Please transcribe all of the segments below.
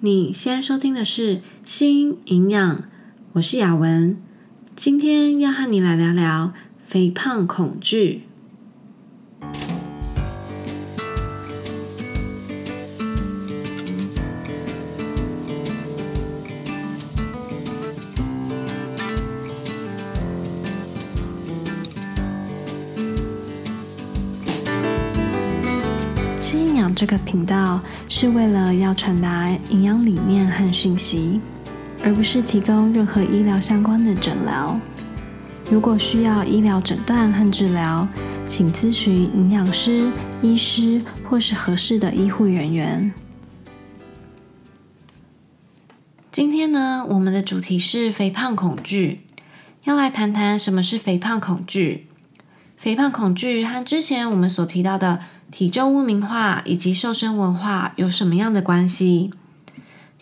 你現在收聽的是《心營養》，我是雅文，今天要和你來聊聊肥胖恐懼。這個頻道是為了要傳達營養理念和訊息，而不是提供任何醫療相關的診療。如果需要醫療診斷和治療，請諮詢營養師、醫師或是合適的醫護人員。今天呢，我們的主題是肥胖恐懼，要來談談什麼是肥胖恐懼。肥胖恐懼和之前我們所提到的，體重污名化以及瘦身文化有什麼樣的關係？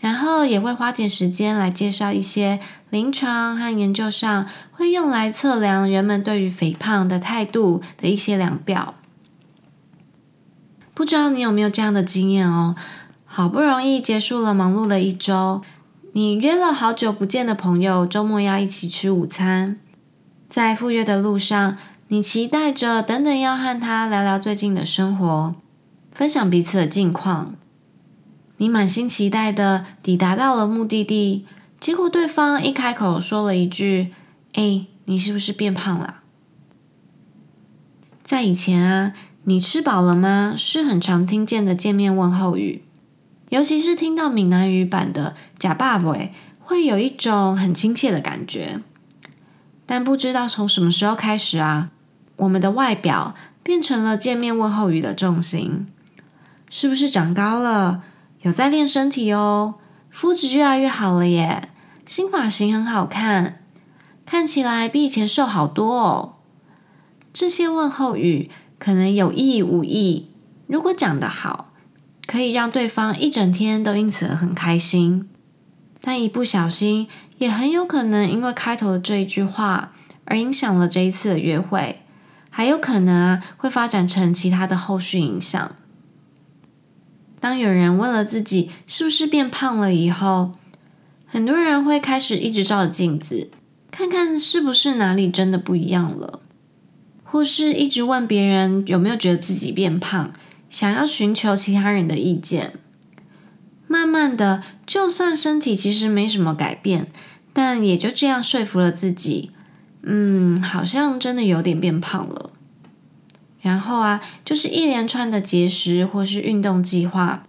然後也會花點時間來介紹一些臨床和研究上會用來測量人們對於肥胖的態度的一些量表。不知道你有沒有這樣的經驗哦？好不容易結束了忙碌的一周，你約了好久不見的朋友，周末要一起吃午餐，在赴約的路上。你期待着，等等，要和他聊聊最近的生活，分享彼此的近況。你滿心期待的抵達到了目的地，結果對方一開口說了一句：“哎，你是不是變胖了？”在以前啊，你吃飽了嗎？是很常聽見的見面問候語，尤其是聽到閩南語版的“呷飽未”，會有一種很親切的感覺。但不知道從什麼時候開始啊。我們的外表變成了見面問候語的重心，是不是長高了？有在練身體哦，膚質越來越好了耶，新髮型很好看，看起來比以前瘦好多哦。這些問候語可能有意無意，如果講得好，可以讓對方一整天都因此很開心；但一不小心，也很有可能因為開頭的這一句話而影響了這一次的約會。還有可能啊，會發展成其他的後續影響。當有人問了自己是不是變胖了以後，很多人會開始一直照鏡子，看看是不是哪裡真的不一樣了，或是一直問別人有沒有覺得自己變胖，想要尋求其他人的意見。慢慢的，就算身體其實沒什麼改變，但也就這樣說服了自己。嗯，好像真的有點變胖了。然後啊，就是一連串的節食或是運動計劃，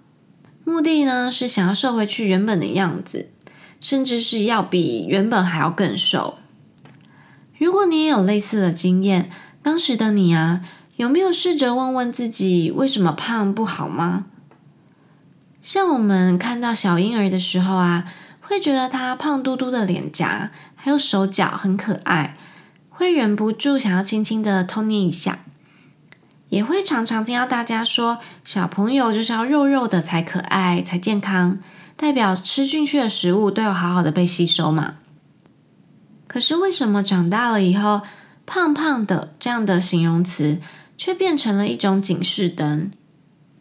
目的呢，是想要瘦回去原本的樣子，甚至是要比原本還要更瘦。如果你也有類似的經驗，當時的你啊，有沒有試着問問自己，為什麼胖不好嗎？像我們看到小嬰兒的時候啊，會覺得他胖嘟嘟的臉頰，還有手腳很可愛。會忍不住想要輕輕的偷捏一下，也會常常聽到大家說，小朋友就是要肉肉的才可愛才健康，代表吃進去的食物都有好好的被吸收嘛。可是為什麼長大了以後，胖胖的這樣的形容詞卻變成了一種警示燈？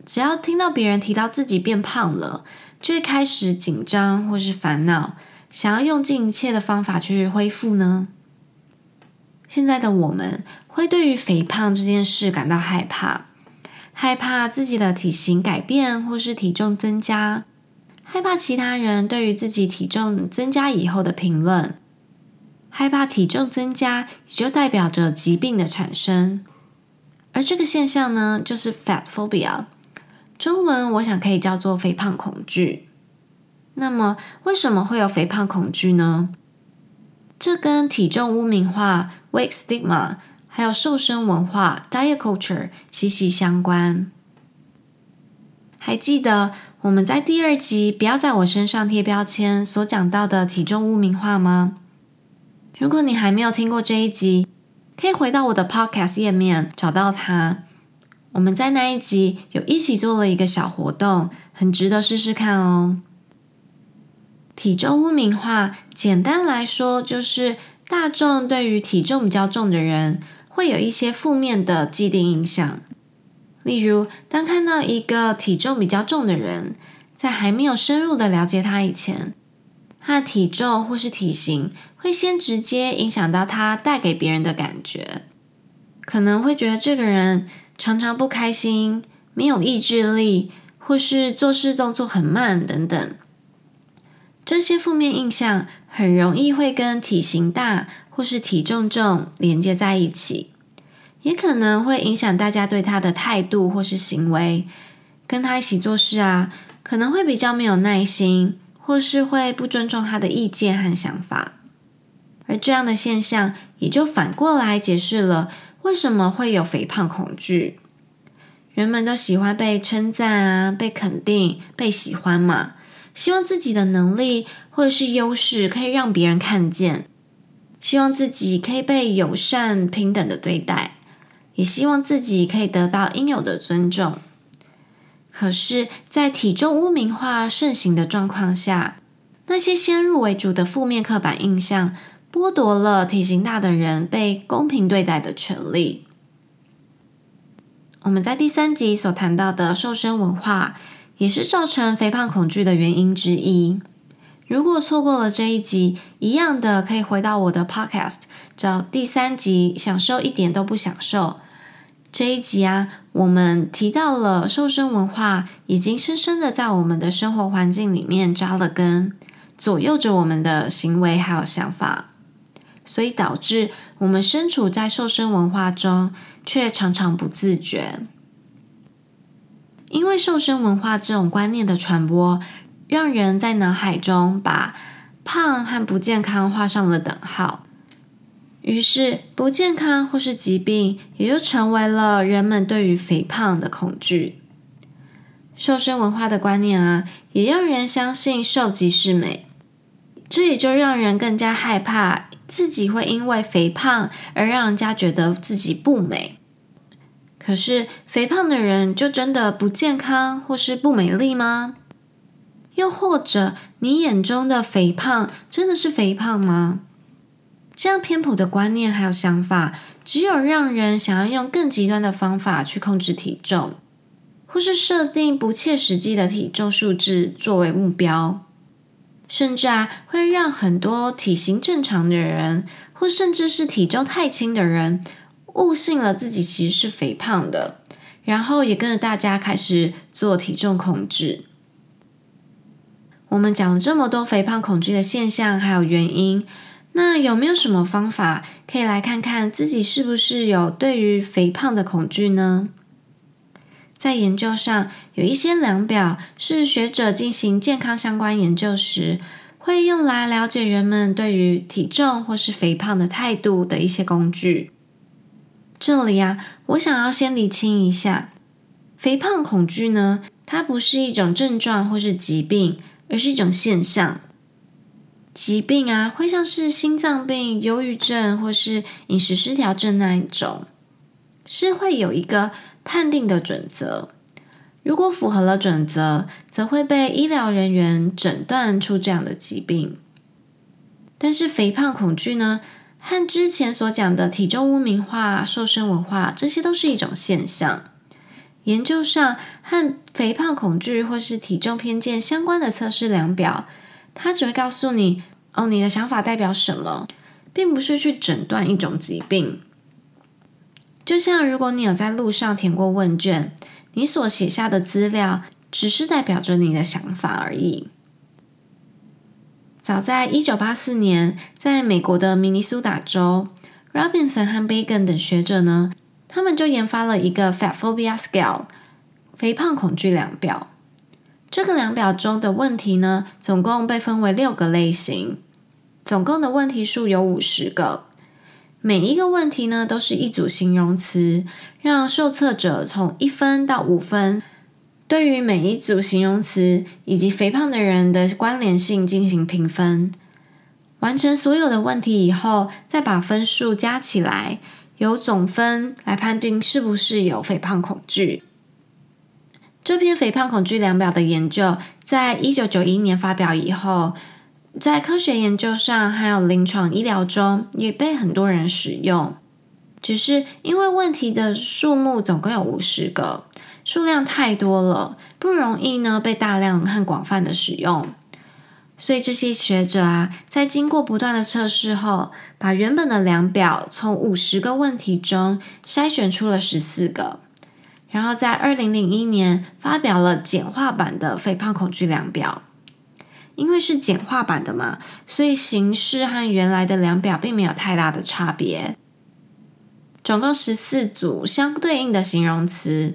只要聽到別人提到自己變胖了，就會開始緊張或是煩惱，想要用盡一切的方法去恢復呢？現在的我們會對於肥胖這件事感到害怕，害怕自己的體型改變或是體重增加，害怕其他人對於自己體重增加以後的評論，害怕體重增加也就代表着疾病的產生，而這個現象呢，就是 Fat Phobia，中文我想可以叫做肥胖恐懼。那麼，為什麼會有肥胖恐懼呢？這跟體重污名化 （weight stigma） 還有瘦身文化 （diet culture） 息息相關。還記得我們在第二集“不要在我身上貼標籤”所講到的體重污名化嗎？如果你還沒有聽過這一集，可以回到我的 podcast 頁面找到它。我們在那一集有一起做了一個小活動，很值得試試看哦。體重污名化。簡單來說，就是大眾對於體重比較重的人會有一些負面的既定印象。例如，當看到一個體重比較重的人，在還沒有深入的了解他以前，他的體重或是體型會先直接影響到他帶給別人的感覺，可能會覺得這個人常常不開心、沒有意志力，或是做事動作很慢等等，這些負面印象。很容易會跟體型大或是體重重連接在一起，也可能會影響大家對他的態度或是行為。跟他一起做事啊，可能會比較沒有耐心，或是會不尊重他的意見和想法。而這樣的現象，也就反過來解釋了為什麼會有肥胖恐懼。人們都喜歡被稱讚啊，被肯定，被喜歡嘛。希望自己的能力或者是優勢可以讓別人看見，希望自己可以被友善平等的對待，也希望自己可以得到應有的尊重。可是在體重污名化盛行的狀況下，那些先入為主的負面刻板印象，剝奪了體型大的人被公平對待的權利。我們在第三集所談到的瘦身文化，也是造成肥胖恐懼的原因之一。如果錯過了這一集，一樣的可以回到我的 podcast，找第三集，想瘦一點都不享受。這一集啊，我們提到了瘦身文化已經深深的在我們的生活環境裡面紮了根，左右着我們的行為還有想法，所以導致我們身處在瘦身文化中，卻常常不自覺。因為瘦身文化這種觀念的傳播，讓人在腦海中把胖和不健康畫上了等號，於是不健康或是疾病也就成為了人們對於肥胖的恐懼。瘦身文化的觀念啊，也讓人相信瘦即是美，這也就讓人更加害怕自己會因為肥胖而讓人家覺得自己不美。可是，肥胖的人就真的不健康或是不美麗嗎？又或者，你眼中的肥胖真的是肥胖嗎？這樣偏頗的觀念還有想法，只有讓人想要用更極端的方法去控制體重，或是設定不切實際的體重數字作為目標，甚至啊，會讓很多體型正常的人，或甚至是體重太輕的人，誤信了，自己其實是肥胖的，然後也跟着大家開始做體重控制。我們講了這麼多肥胖恐懼的現象，還有原因，那有沒有什麼方法可以來看看自己是不是有對於肥胖的恐懼呢？在研究上，有一些量表是學者進行健康相關研究時會用來了解人們對於體重或是肥胖的態度的一些工具。這裡呀，啊，我想要先理清一下，肥胖恐懼呢，它不是一種症狀或是疾病，而是一種現象。疾病啊，會像是心臟病、憂鬱症或是飲食失調症那一種，是會有一個判定的準則。如果符合了準則，則會被醫療人員診斷出這樣的疾病。但是肥胖恐懼呢，和之前所講的體重污名化、瘦身文化，這些都是一種現象。研究上和肥胖恐懼或是體重偏見相關的測試量表，它只會告訴你，哦，你的想法代表什麼，並不是去診斷一種疾病。就像如果你有在路上填過問卷，你所寫下的資料只是代表着你的想法而已。早在一九八四年，在美國的明尼蘇達州，Robinson 和 Begun 等學者呢，他們就研發了一個 Fat Phobia Scale，肥胖恐懼量表。這個量表中的問題呢，總共被分為六個類型，總共的問題數有五十個。每一個問題呢，都是一組形容詞，讓受測者從一分到五分。對於每一組形容詞以及肥胖的人的關聯性進行評分。完成所有的問題以後，再把分數加起來，由總分來判定是不是有肥胖恐懼。這篇肥胖恐懼量表的研究，在一九九一年發表以後，在科學研究上還有臨床醫療中也被很多人使用。只是因為問題的數目總共有五十個。數量太多了，不容易呢被大量和廣泛的使用，所以這些學者啊，在經過不斷的測試後，把原本的量表從五十個問題中篩選出了十四個，然後在二零零一年發表了簡化版的肥胖恐懼量表。因為是簡化版的嘛，所以形式和原來的量表並沒有太大的差別。總共十四組相對應的形容詞。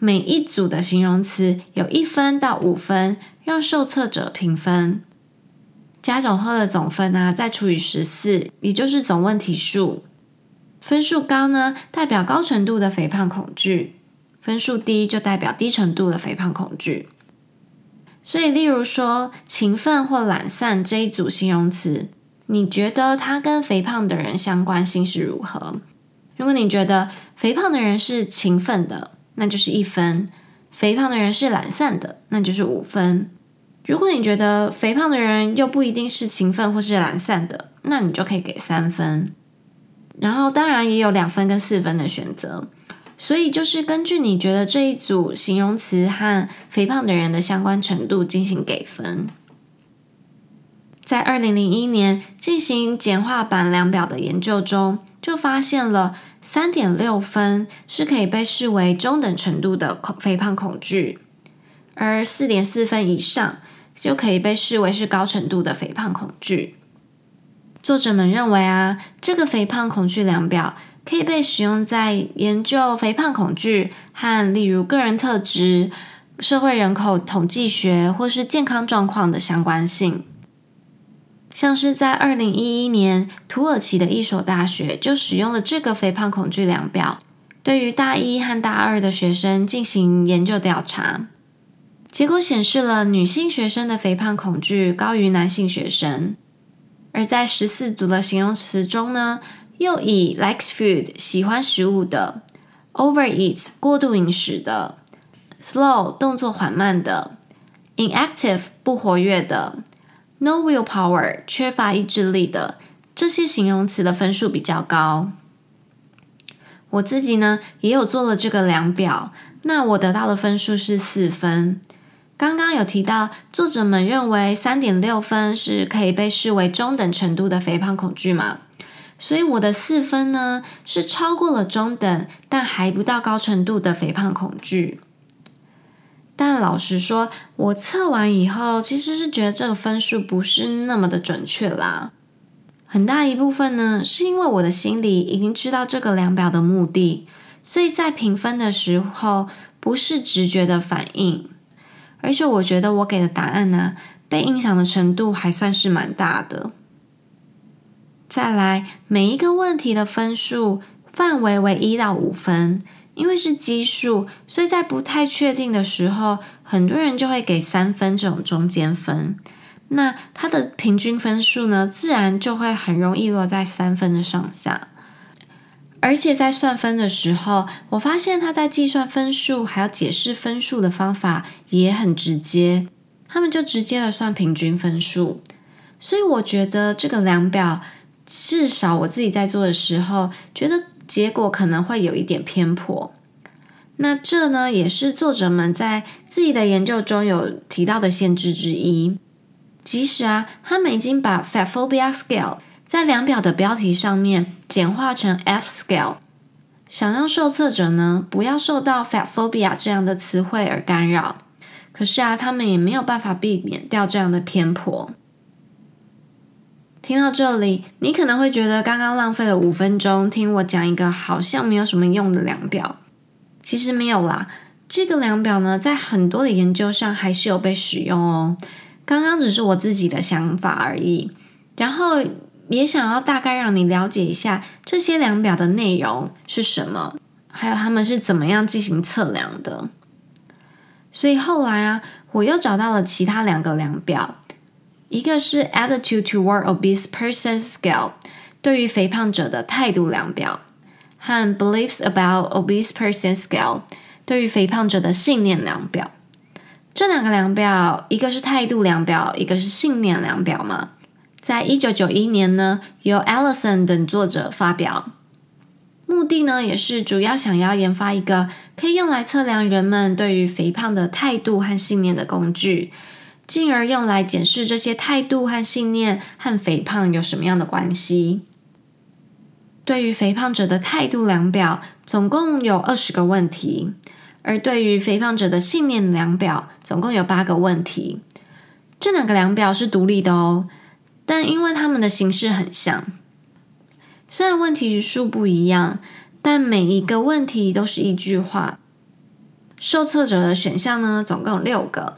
每一組的形容詞有一分到五分，讓受測者評分，加總後的總分呢，啊，再除以十四，也就是總問題數。分數高呢，代表高程度的肥胖恐懼；分數低就代表低程度的肥胖恐懼。所以，例如說勤奮或懶散這一組形容詞，你覺得它跟肥胖的人相關性是如何？如果你覺得肥胖的人是勤奮的，那就是一分。肥胖的人是懶散的，那就是五分。如果你覺得肥胖的人又不一定是勤奮或是懶散的，那你就可以給三分。然後當然也有兩分跟四分的選擇。所以就是根據你覺得這一組形容詞和肥胖的人的相關程度進行給分。在二零零一年進行簡化版量表的研究中，就發現了。三點六分是可以被視為中等程度的肥胖恐懼，而四點四分以上就可以被視為是高程度的肥胖恐懼。作者們認為啊，這個肥胖恐懼量表可以被使用在研究肥胖恐懼和例如個人特質、社會人口統計學或是健康狀況的相關性。像是在二零一一年，土耳其的一所大學就使用了這個肥胖恐懼量表，對於大一和大二的學生進行研究調查，結果顯示了女性學生的肥胖恐懼高於男性學生，而在十四組的形容詞中呢，又以 likes food 喜歡食物的，over eats 過度飲食的，slow 動作緩慢的，inactive 不活躍的。No willpower，缺乏意志力的，這些形容詞的分數比較高。我自己呢，也有做了這個量表，那我得到的分數是四分。剛剛有提到，作者們認為三點六分是可以被視為中等程度的肥胖恐懼嘛，所以我的四分呢，是超過了中等，但還不到高程度的肥胖恐懼。但老實說，我測完以後，其實是覺得這個分數不是那麼的準確啦。很大一部分呢，是因為我的心裡已經知道這個量表的目的，所以在評分的時候不是直覺的反應，而且我覺得我給的答案呢，被影響的程度還算是蠻大的。再來，每一個問題的分數範圍為一到五分。因為是奇數，所以在不太確定的時候，很多人就會給三分這種中間分。那它的平均分數呢，自然就會很容易落在三分的上下。而且在算分的時候，我發現他在計算分數還有解釋分數的方法也很直接，他們就直接的算平均分數。所以我覺得這個量表，至少我自己在做的時候覺得。結果可能會有一點偏頗，那這呢也是作者們在自己的研究中有提到的限制之一。即使啊，他們已經把 Fatphobia Scale 在量表的標題上面簡化成 F Scale，想讓受測者呢不要受到 fatphobia 這樣的詞彙而干擾，可是啊，他們也沒有辦法避免掉這樣的偏頗。聽到這裡，你可能會覺得剛剛浪費了五分鐘聽我講一個好像沒有什麼用的量表。其實沒有啦，這個量表呢，在很多的研究上還是有被使用哦。剛剛只是我自己的想法而已，然後也想要大概讓你了解一下這些量表的內容是什麼，還有他們是怎麼樣進行測量的。所以後來啊，我又找到了其他兩個量表。一個是 Attitude Toward Obese Persons Scale，對於肥胖者的態度量表，和 Beliefs About Obese Persons Scale，對於肥胖者的信念量表。這兩個量表，一個是態度量表，一個是信念量表嘛。在一九九一年呢，由 Allison 等作者發表，目的呢也是主要想要研發一個可以用來測量人們對於肥胖的態度和信念的工具。進而用來檢視這些態度和信念和肥胖有什麼樣的關係。對於肥胖者的態度量表，總共有二十個問題；而對於肥胖者的信念量表，總共有八個問題。這兩個量表是獨立的哦，但因為它們的形式很像，雖然問題數不一樣，但每一個問題都是一句話。受測者的選項呢，總共有六個。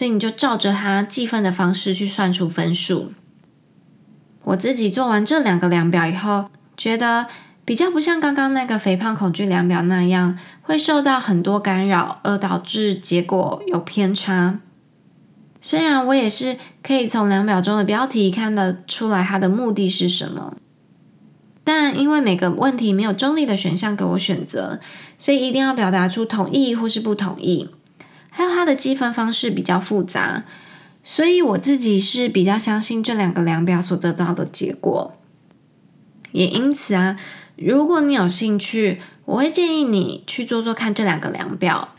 所以你就照着它計分的方式去算出分數。我自己做完這兩個量表以後，覺得比較不像剛剛那個肥胖恐懼量表那樣會受到很多干擾而導致結果有偏差。雖然我也是可以從量表中的標題看得出來它的目的是什麼，但因為每個問題沒有中立的選項給我選擇，所以一定要表達出同意或是不同意。還有它的計分方式比較複雜，所以我自己是比較相信這兩個量表所得到的結果。也因此啊，如果你有興趣，我會建議你去做做看這兩個量表，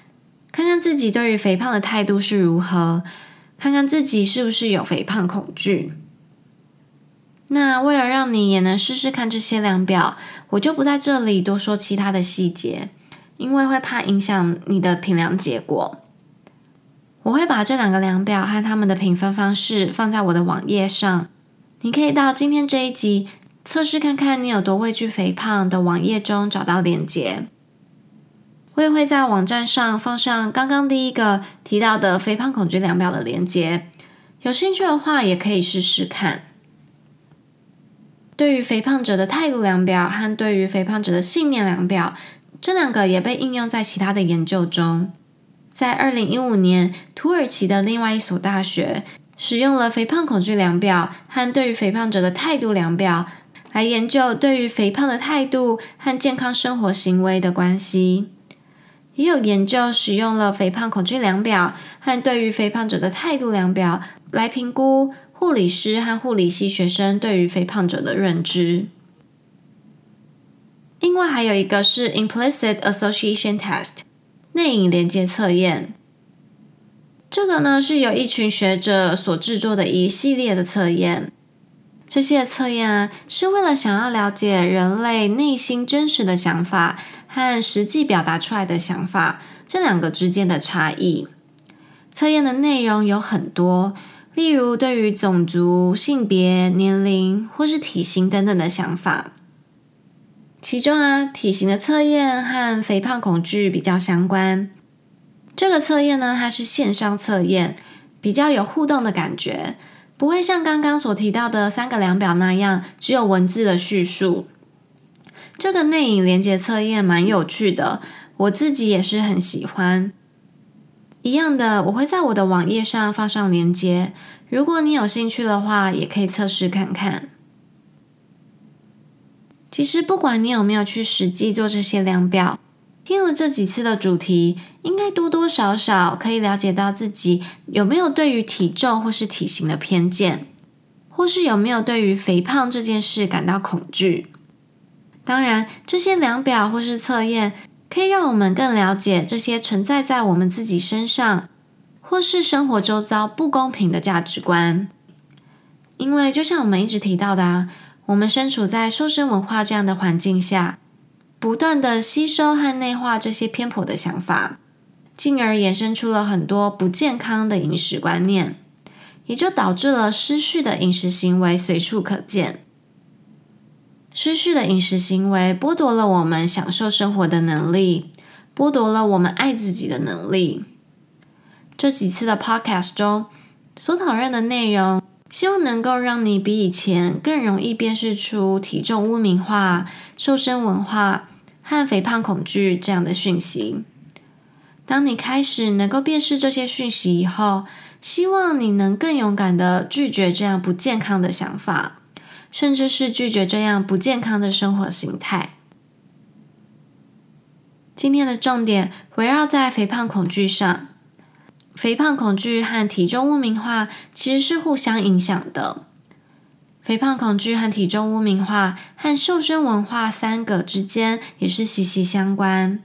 看看自己對於肥胖的態度是如何，看看自己是不是有肥胖恐懼。那為了讓你也能試試看這些量表，我就不在這裡多說其他的細節，因為會怕影響你的評量結果。我會把這兩個量表和他們的評分方式放在我的網頁上，你可以到今天這一集測試看看你有多畏懼肥胖的網頁中找到鏈接。我也會在網站上放上剛剛第一個提到的肥胖恐懼量表的鏈接，有興趣的話也可以試試看。對於肥胖者的態度量表和對於肥胖者的信念量表，這兩個也被應用在其他的研究中。在二零一五年，土耳其的另外一所大學使用了肥胖恐懼量表和對於肥胖者的態度量表，來研究對於肥胖的態度和健康生活行為的關係。也有研究使用了肥胖恐懼量表和對於肥胖者的態度量表，來評估護理師和護理系學生對於肥胖者的認知。另外還有一個是 Implicit Association Test。內隱連接測驗，這個呢是由一群學者所製作的一系列的測驗。這些測驗啊，是為了想要了解人類內心真實的想法和實際表達出來的想法這兩個之間的差異。測驗的內容有很多，例如對於種族、性別、年齡或是體型等等的想法。其中啊，體型的測驗和肥胖恐懼比較相關。這個測驗呢，它是線上測驗，比較有互動的感覺，不會像剛剛所提到的三個量表那樣只有文字的敘述。這個內隱連結測驗蠻有趣的，我自己也是很喜歡。一樣的，我會在我的網頁上放上鏈接，如果你有興趣的話，也可以測試看看。其實，不管你有沒有去實際做這些量表，聽了這幾次的主題，應該多多少少可以了解到自己有沒有對於體重或是體型的偏見，或是有沒有對於肥胖這件事感到恐懼。當然，這些量表或是測驗可以讓我們更了解這些存在在我們自己身上或是生活周遭不公平的價值觀，因為就像我們一直提到的啊。我們身處在瘦身文化這樣的環境下，不斷的吸收和內化這些偏頗的想法，進而衍生出了很多不健康的飲食觀念，也就導致了失序的飲食行為隨處可見。失序的飲食行為剝奪了我們享受生活的能力，剝奪了我們愛自己的能力。這幾次的 podcast 中所討論的內容，希望能夠讓你比以前更容易辨識出體重污名化、瘦身文化和肥胖恐懼這樣的訊息。當你開始能夠辨識這些訊息以後，希望你能更勇敢的拒絕這樣不健康的想法，甚至是拒絕這樣不健康的生活形態。今天的重點圍繞在肥胖恐懼上。肥胖恐懼和體重污名化其實是互相影響的。肥胖恐懼和體重污名化和瘦身文化三個之間也是息息相關。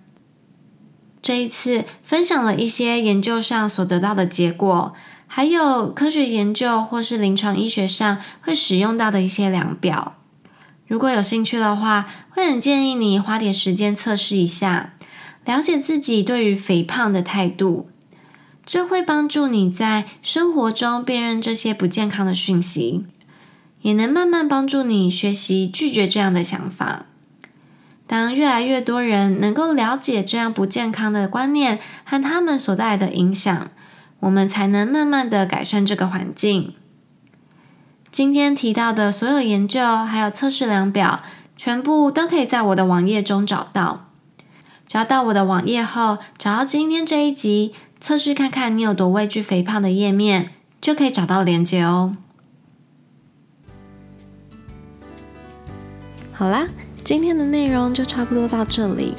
這一次分享了一些研究上所得到的結果，還有科學研究或是臨床醫學上會使用到的一些量表。如果有興趣的話，會很建議你花點時間測試一下，了解自己對於肥胖的態度。這會幫助你在生活中辨認這些不健康的訊息，也能慢慢幫助你學習拒絕這樣的想法。當越來越多人能夠了解這樣不健康的觀念和他們所帶來的影響，我們才能慢慢的改善這個環境。今天提到的所有研究還有測試量表，全部都可以在我的網頁中找到。找到我的網頁後，找到今天這一集測試看看你有多畏懼肥胖的頁面，就可以找到連結哦。好啦，今天的內容就差不多到這裡。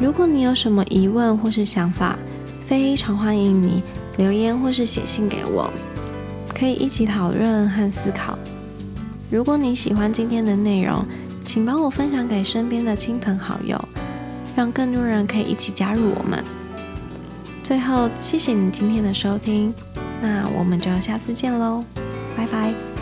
如果你有什麼疑問或是想法，非常歡迎你留言或是寫信給我，可以一起討論和思考。如果你喜歡今天的內容，請幫我分享給身邊的親朋好友，讓更多人可以一起加入我們。最後，謝謝你今天的收聽，那我們就下次見嘍，拜拜。